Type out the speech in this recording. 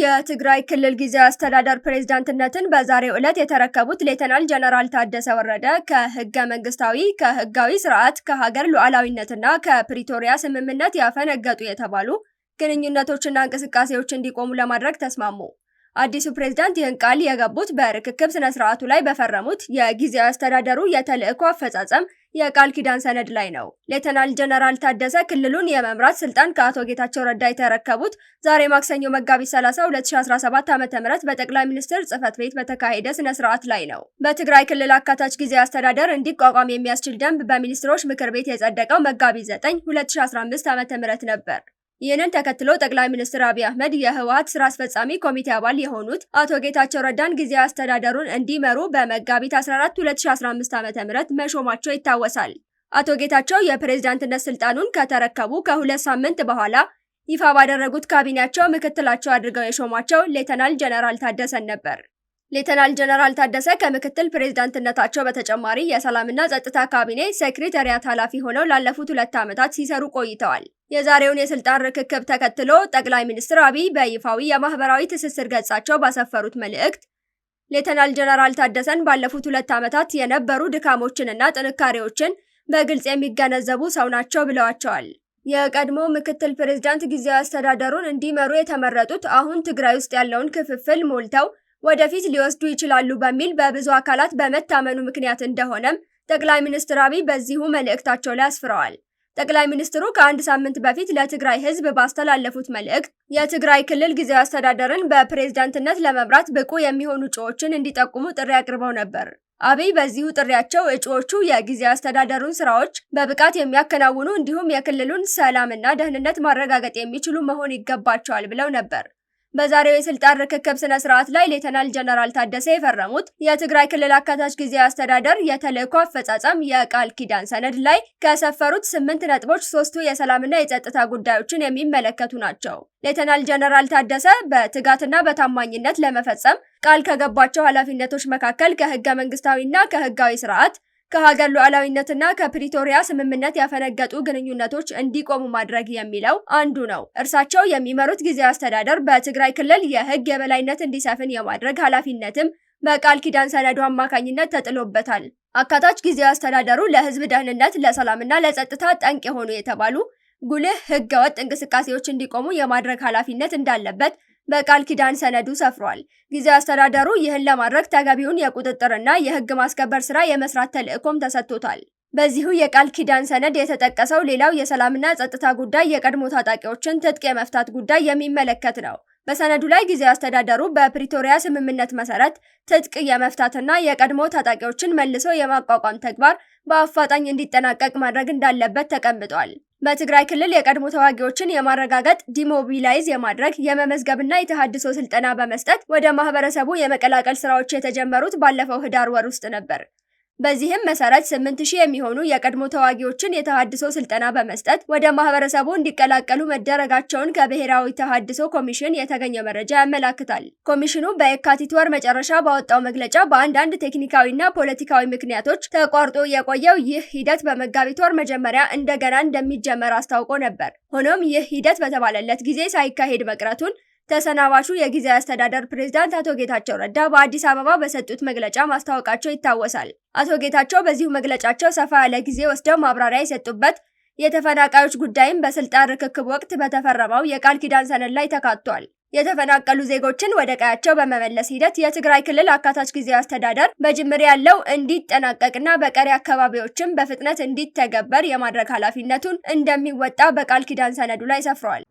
የትግራይ ክልል ጊዜያዊ አስተዳደር ፕሬዝዳንትነትን በዛሬው ዕለት የተረከቡት ሌተናል ጀነራል ታደሰ ወረደ ከህገ መንግስታዊ፣ ከህጋዊ ስርዓት፣ ከሀገር ሉዓላዊነትና ከፕሪቶሪያ ስምምነት ያፈነገጡ የተባሉ ግንኙነቶችና እንቅስቃሴዎች እንዲቆሙ ለማድረግ ተስማሙ። አዲሱ ፕሬዝዳንት ይህን ቃል የገቡት በርክክብ ስነ ስርዓቱ ላይ በፈረሙት የጊዜያዊ አስተዳደሩ የተልእኮ አፈጻጸም የቃል ኪዳን ሰነድ ላይ ነው። ሌተናል ጀነራል ታደሰ ክልሉን የመምራት ስልጣን ከአቶ ጌታቸው ረዳ የተረከቡት ዛሬ ማክሰኞ መጋቢት 30 2017 ም በጠቅላይ ሚኒስትር ጽህፈት ቤት በተካሄደ ስነ ስርዓት ላይ ነው። በትግራይ ክልል አካታች ጊዜ አስተዳደር እንዲቋቋም የሚያስችል ደንብ በሚኒስትሮች ምክር ቤት የጸደቀው መጋቢት 9 2015 ዓ.ም ነበር። ይህንን ተከትሎ ጠቅላይ ሚኒስትር አብይ አህመድ የህወሀት ስራ አስፈጻሚ ኮሚቴ አባል የሆኑት አቶ ጌታቸው ረዳን ጊዜያዊ አስተዳደሩን እንዲመሩ በመጋቢት 14 2015 ዓ.ም መሾማቸው ይታወሳል። አቶ ጌታቸው የፕሬዝዳንትነት ስልጣኑን ከተረከቡ ከሁለት ሳምንት በኋላ ይፋ ባደረጉት ካቢኔያቸው ምክትላቸው አድርገው የሾሟቸው ሌተናል ጀነራል ታደሰን ነበር። ሌተናል ጀነራል ታደሰ ከምክትል ፕሬዝዳንትነታቸው በተጨማሪ የሰላምና ጸጥታ ካቢኔ ሴክሬታሪያት ኃላፊ ሆነው ላለፉት ሁለት ዓመታት ሲሰሩ ቆይተዋል። የዛሬውን የስልጣን ርክክብ ተከትሎ ጠቅላይ ሚኒስትር አብይ በይፋዊ የማህበራዊ ትስስር ገጻቸው ባሰፈሩት መልእክት ሌተናል ጀነራል ታደሰን ባለፉት ሁለት ዓመታት የነበሩ ድካሞችንና ጥንካሬዎችን በግልጽ የሚገነዘቡ ሰው ናቸው ብለዋቸዋል። የቀድሞ ምክትል ፕሬዝዳንት ጊዜያዊ አስተዳደሩን እንዲመሩ የተመረጡት አሁን ትግራይ ውስጥ ያለውን ክፍፍል ሞልተው ወደፊት ሊወስዱ ይችላሉ በሚል በብዙ አካላት በመታመኑ ምክንያት እንደሆነም ጠቅላይ ሚኒስትር አብይ በዚሁ መልእክታቸው ላይ አስፍረዋል። ጠቅላይ ሚኒስትሩ ከአንድ ሳምንት በፊት ለትግራይ ሕዝብ ባስተላለፉት መልእክት የትግራይ ክልል ጊዜያዊ አስተዳደርን በፕሬዝዳንትነት ለመምራት ብቁ የሚሆኑ እጩዎችን እንዲጠቁሙ ጥሪ አቅርበው ነበር። አብይ በዚሁ ጥሪያቸው እጩዎቹ የጊዜያዊ አስተዳደሩን ስራዎች በብቃት የሚያከናውኑ እንዲሁም የክልሉን ሰላምና ደህንነት ማረጋገጥ የሚችሉ መሆን ይገባቸዋል ብለው ነበር። በዛሬው የስልጣን ርክክብ ስነ ስርዓት ላይ ሌተናል ጀነራል ታደሰ የፈረሙት የትግራይ ክልል አካታች ጊዜ አስተዳደር የተልዕኮ አፈጻጸም የቃል ኪዳን ሰነድ ላይ ከሰፈሩት ስምንት ነጥቦች ሶስቱ የሰላምና የጸጥታ ጉዳዮችን የሚመለከቱ ናቸው። ሌተናል ጀነራል ታደሰ በትጋትና በታማኝነት ለመፈጸም ቃል ከገቧቸው ኃላፊነቶች መካከል ከህገ መንግስታዊና ከህጋዊ ስርዓት ከሀገር ሉዓላዊነትና ከፕሪቶሪያ ስምምነት ያፈነገጡ ግንኙነቶች እንዲቆሙ ማድረግ የሚለው አንዱ ነው። እርሳቸው የሚመሩት ጊዜያዊ አስተዳደር በትግራይ ክልል የህግ የበላይነት እንዲሰፍን የማድረግ ኃላፊነትም በቃል ኪዳን ሰነዱ አማካኝነት ተጥሎበታል። አካታች ጊዜያዊ አስተዳደሩ ለህዝብ ደህንነት፣ ለሰላምና ለጸጥታ ጠንቅ የሆኑ የተባሉ ጉልህ ህገወጥ እንቅስቃሴዎች እንዲቆሙ የማድረግ ኃላፊነት እንዳለበት በቃል ኪዳን ሰነዱ ሰፍሯል። ጊዜያዊ አስተዳደሩ ይህን ለማድረግ ተገቢውን የቁጥጥርና የህግ ማስከበር ስራ የመስራት ተልዕኮም ተሰጥቶታል። በዚሁ የቃል ኪዳን ሰነድ የተጠቀሰው ሌላው የሰላምና ጸጥታ ጉዳይ የቀድሞ ታጣቂዎችን ትጥቅ የመፍታት ጉዳይ የሚመለከት ነው። በሰነዱ ላይ ጊዜያዊ አስተዳደሩ በፕሪቶሪያ ስምምነት መሰረት ትጥቅ የመፍታትና የቀድሞ ታጣቂዎችን መልሶ የማቋቋም ተግባር በአፋጣኝ እንዲጠናቀቅ ማድረግ እንዳለበት ተቀምጧል። በትግራይ ክልል የቀድሞ ተዋጊዎችን የማረጋገጥ ዲሞቢላይዝ የማድረግ የመመዝገብና የተሃድሶ ስልጠና በመስጠት ወደ ማህበረሰቡ የመቀላቀል ስራዎች የተጀመሩት ባለፈው ህዳር ወር ውስጥ ነበር። በዚህም መሰረት ስምንት ሺህ የሚሆኑ የቀድሞ ተዋጊዎችን የተሃድሶ ስልጠና በመስጠት ወደ ማህበረሰቡ እንዲቀላቀሉ መደረጋቸውን ከብሔራዊ ተሃድሶ ኮሚሽን የተገኘ መረጃ ያመላክታል። ኮሚሽኑ በየካቲት ወር መጨረሻ ባወጣው መግለጫ በአንዳንድ ቴክኒካዊና ፖለቲካዊ ምክንያቶች ተቋርጦ የቆየው ይህ ሂደት በመጋቢት ወር መጀመሪያ እንደገና እንደሚጀመር አስታውቆ ነበር። ሆኖም ይህ ሂደት በተባለለት ጊዜ ሳይካሄድ መቅረቱን ተሰናባሹ የጊዜያዊ አስተዳደር ፕሬዝዳንት አቶ ጌታቸው ረዳ በአዲስ አበባ በሰጡት መግለጫ ማስታወቃቸው ይታወሳል። አቶ ጌታቸው በዚሁ መግለጫቸው ሰፋ ያለ ጊዜ ወስደው ማብራሪያ የሰጡበት የተፈናቃዮች ጉዳይም በስልጣን ርክክብ ወቅት በተፈረመው የቃል ኪዳን ሰነድ ላይ ተካቷል። የተፈናቀሉ ዜጎችን ወደ ቀያቸው በመመለስ ሂደት የትግራይ ክልል አካታች ጊዜያዊ አስተዳደር በጅምር ያለው እንዲጠናቀቅና በቀሪ አካባቢዎችም በፍጥነት እንዲተገበር የማድረግ ኃላፊነቱን እንደሚወጣ በቃል ኪዳን ሰነዱ ላይ ሰፍሯል።